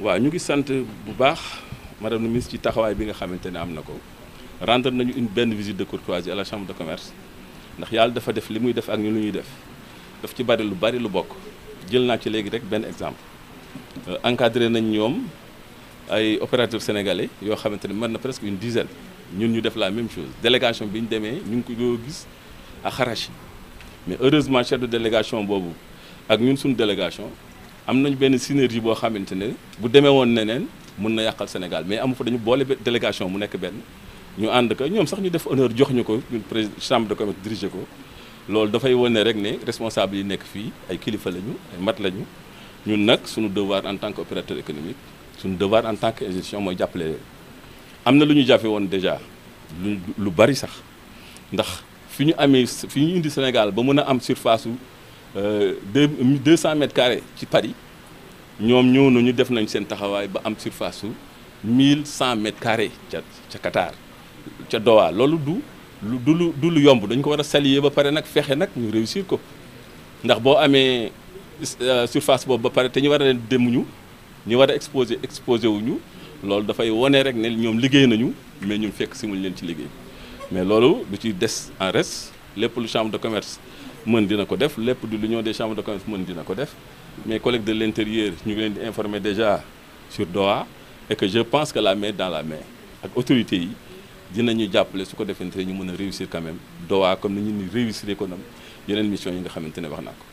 waaw ñu ngi sant bu baax madame la ministre ci taxawaay bi nga xamante ne am na ko rendre nañu une benn visite de courtoisie à la chambre de commerce ndax yàlla dafa def li muy def ak ñu lu ñuy def daf ci bari lu bari lu bokk jël naa ci léegi rek benn exemple euh, encadré nañ ñoom ay opérateurs sénégalais yoo xamante ne mën na presque une dizaine ñun ñu def la même chose délégation bi ñu demee ñu ngi ko yoo gis ak Karachi mais heureusement chef de délégation boobu ak ñun suñu délégation am nañ benn synergie boo xamante ne bu demee woon neneen mun na yàqal Sénégal mais amu fa dañu boole délégation mu nekk benn ñu ànd ko ñoom sax ñu def honneur jox ñu ko président chambre de commerce dirigé ko loolu dafay wane rek ne responsable yi nekk fii ay kilifa lañu ay mat lañu ñun nag suñu devoir en tant que opérateur économique suñu devoir en tant que institution mooy jàppale am na lu ñu jafe woon déjà lu lu bari sax ndax fi ñu amee fi ñu indi Sénégal ba mën a am surface Euh, deux euh, deux cent carré carrés ci Paris ñoom ñëw ñu def nañ seen taxawaay ba am surface su mille cent mètres carré ca ca Qatar ca Doha loolu du lu du lu du yomb dañ ko war a saluer ba pare nag fexe nag ñu réussir ko ndax boo amee euh, surface boobu ba pare te ñu war a leen demuñu ñu war a exposé exposé wuñu loolu dafay wone rek ne ñoom liggéey nañu mais ñun fekk si leen ci liggéey mais loolu du ci des en reste lépp lu chambre de commerce mën dina ko def lépp di l'union des chambres de commerce mën dina ko def mes collègues de l'intérieur ñu ngi leen di informer déjà sur Doha et que je pense que la mais dans la mais ak autorités yi ñu jàppale su ko defante ñu mën a réussir quand même Doha comme ni ñu ni réussir économie yeneen mission yi nga xamante ne wax naa ko